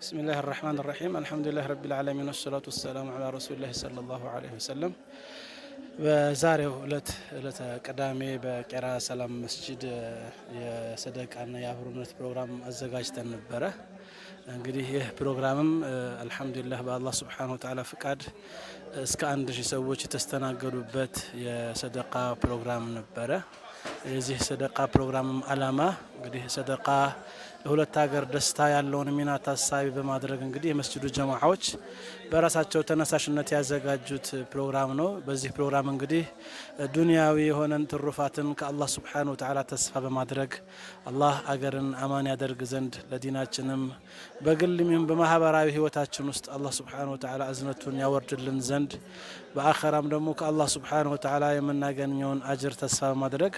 بسم الله الرحمن الرحيم الحمد لله رب العالمين والصلاة والسلام على رسول الله صلى الله عليه وسلم وزاره ولت ولت قدامي بقرا سلام مسجد يا صدق ان يا برنت بروجرام ازغاجت نبره እንግዲህ ይህ ፕሮግራምም አልሐምዱሊላህ በአላህ ስብሓን ወተላ ፍቃድ እስከ አንድ ሺህ ሰዎች የተስተናገዱበት የሰደቃ ፕሮግራም ነበረ የዚህ ሰደቃ ፕሮግራምም አላማ እንግዲህ ሰደቃ ለሁለት ሀገር ደስታ ያለውን ሚና ታሳቢ በማድረግ እንግዲህ የመስጅዱ ጀማዓዎች በራሳቸው ተነሳሽነት ያዘጋጁት ፕሮግራም ነው። በዚህ ፕሮግራም እንግዲህ ዱንያዊ የሆነን ትሩፋትን ከአላህ ስብሓነ ወተዓላ ተስፋ በማድረግ አላህ አገርን አማን ያደርግ ዘንድ ለዲናችንም በግልም ይሁን በማህበራዊ ህይወታችን ውስጥ አላህ ስብሓነ ወተዓላ እዝነቱን ያወርድልን ዘንድ በአኸራም ደግሞ ከአላህ ስብሓነ ወተዓላ የምናገኘውን አጅር ተስፋ በማድረግ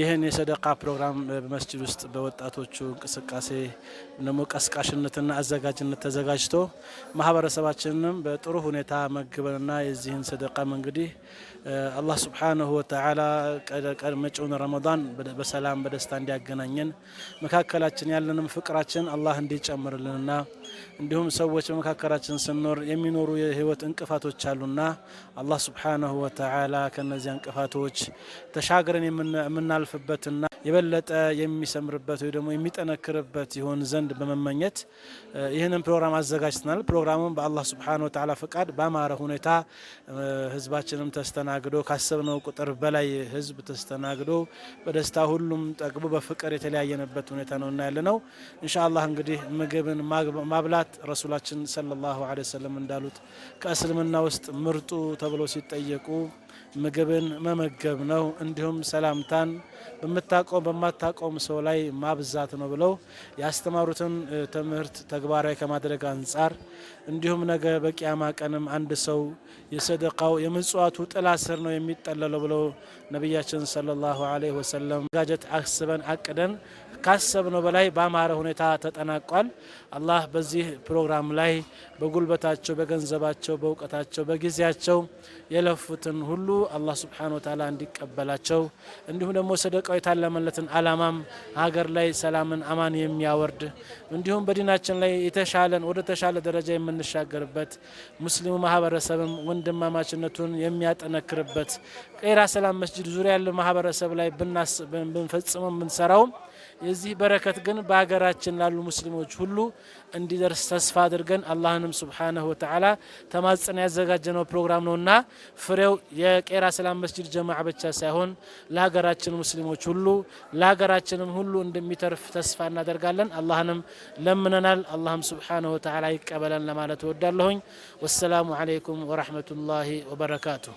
ይህን የሰደቃ ፕሮግራም በመስጅዱ ውስጥ በወጣቶቹ እንቅስቃሴ ደግሞ ቀስቃሽነትና አዘጋጅነት ተዘጋጅቶ ማህበረሰባችንንም በጥሩ ሁኔታ መግበንና የዚህን ሰደቃም እንግዲህ አላህ ስብሓንሁ ወተዓላ መጪውን ረመዳን በሰላም በደስታ እንዲያገናኘን መካከላችን ያለንም ፍቅራችን አላህ እንዲጨምርልንና እንዲሁም ሰዎች በመካከላችን ስንኖር የሚኖሩ የህይወት እንቅፋቶች አሉና አላህ ሱብሓነሁ ወተላ ከነዚያ እንቅፋቶች ተሻግረን የምናልፍበትና የበለጠ የሚሰምርበት ወይ ደግሞ የሚጠነክርበት ይሆን ዘንድ በመመኘት ይህንን ፕሮግራም አዘጋጅተናል። ፕሮግራሙን በአላህ ሱብሓነሁ ወተላ ፈቃድ በአማረ ሁኔታ ህዝባችንም ተስተናግዶ ካሰብነው ቁጥር በላይ ህዝብ ተስተናግዶ በደስታ ሁሉም ጠግቦ በፍቅር የተለያየንበት ሁኔታ ነው እና ያለ ነው። አላህ እንግዲህ ምግብን ማብላት ረሱላችን ሰለላሁ ዐለይሂ ወሰለም እንዳሉት ከእስልምና ውስጥ ምርጡ ተብሎ ሲጠየቁ ምግብን መመገብ ነው፣ እንዲሁም ሰላምታን በምታውቀውም በማታቀውም ሰው ላይ ማብዛት ነው ብለው ያስተማሩትን ትምህርት ተግባራዊ ከማድረግ አንጻር እንዲሁም ነገ በቅያማ ቀንም አንድ ሰው የሰደቃው የምጽዋቱ ጥላ ስር ነው የሚጠለለው ብለው ነቢያችን ሰለላሁ ዐለይሂ ወሰለም ጋጀት አስበን አቅደን ካሰብነው በላይ በአማረ ሁኔታ ተጠናቋል። አላህ በዚህ ፕሮግራም ላይ በጉልበታቸው፣ በገንዘባቸው፣ በእውቀታቸው፣ በጊዜያቸው የለፉትን ሁሉ አላህ ስብሓነ ወተዓላ እንዲቀበላቸው እንዲሁም ደግሞ ሰደቃው የታለመለትን አላማም ሀገር ላይ ሰላምን አማን የሚያወርድ እንዲሁም በዲናችን ላይ የተሻለን ወደ ተሻለ ደረጃ የምንሻገርበት ሙስሊሙ ማህበረሰብም ወንድማማችነቱን የሚያጠነክርበት ቀራ ሰላም መስጅድ ዙሪያ ያለ ማህበረሰብ ላይ ብንፈጽመው ብንሰራው የዚህ በረከት ግን በሀገራችን ላሉ ሙስሊሞች ሁሉ እንዲደርስ ተስፋ አድርገን አላህንም ሱብሓነሁ ወተዓላ ተማጽን ያዘጋጀነው ፕሮግራም ነውና ፍሬው የቄራ ሰላም መስጅድ ጀማዓ ብቻ ሳይሆን ለሀገራችን ሙስሊሞች ሁሉ ለሀገራችንም ሁሉ እንደሚተርፍ ተስፋ እናደርጋለን። አላህንም ለምነናል። አላህም ሱብሓነሁ ወተዓላ ይቀበለን ለማለት እወዳለሁኝ። ወሰላሙ አለይኩም ወረሕመቱላሂ ወበረካቱሁ።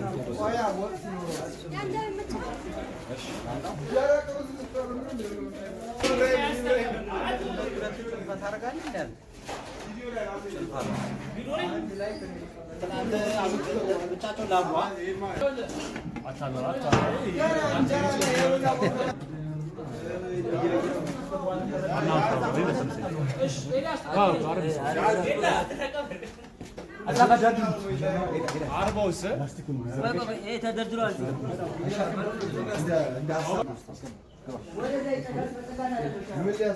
Araba olsa. Böyle de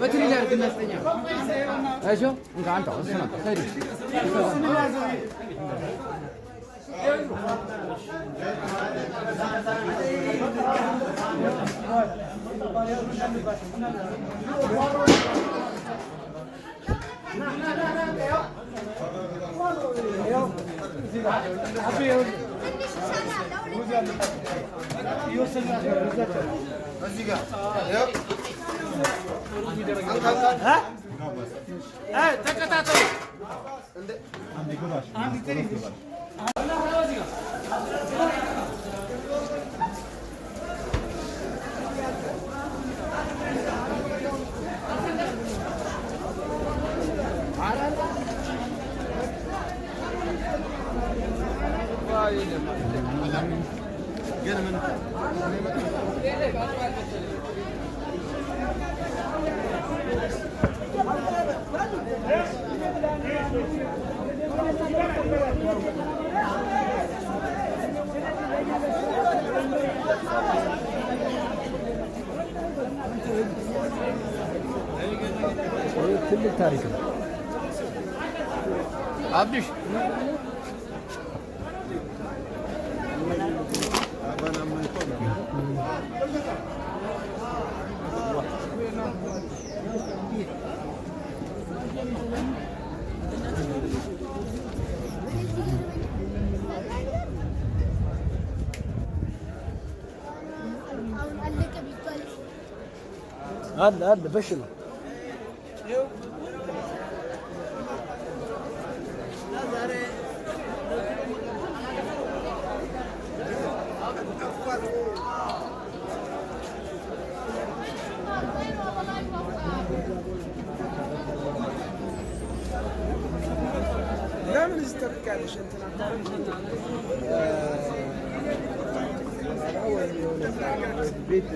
በትሪል አድርግ እናስተኛ እሺ እዚህ ጋር Ha? Ha, dakika daha tabii. Andi teri. Allah razı olsun. Gelin. Gelin. ትልቅ ታሪክ ነው። አብዱሽ Thank you. هذا هذا بشله ምን ትጠብቃለሽ? እንትን አካባቢ ቤት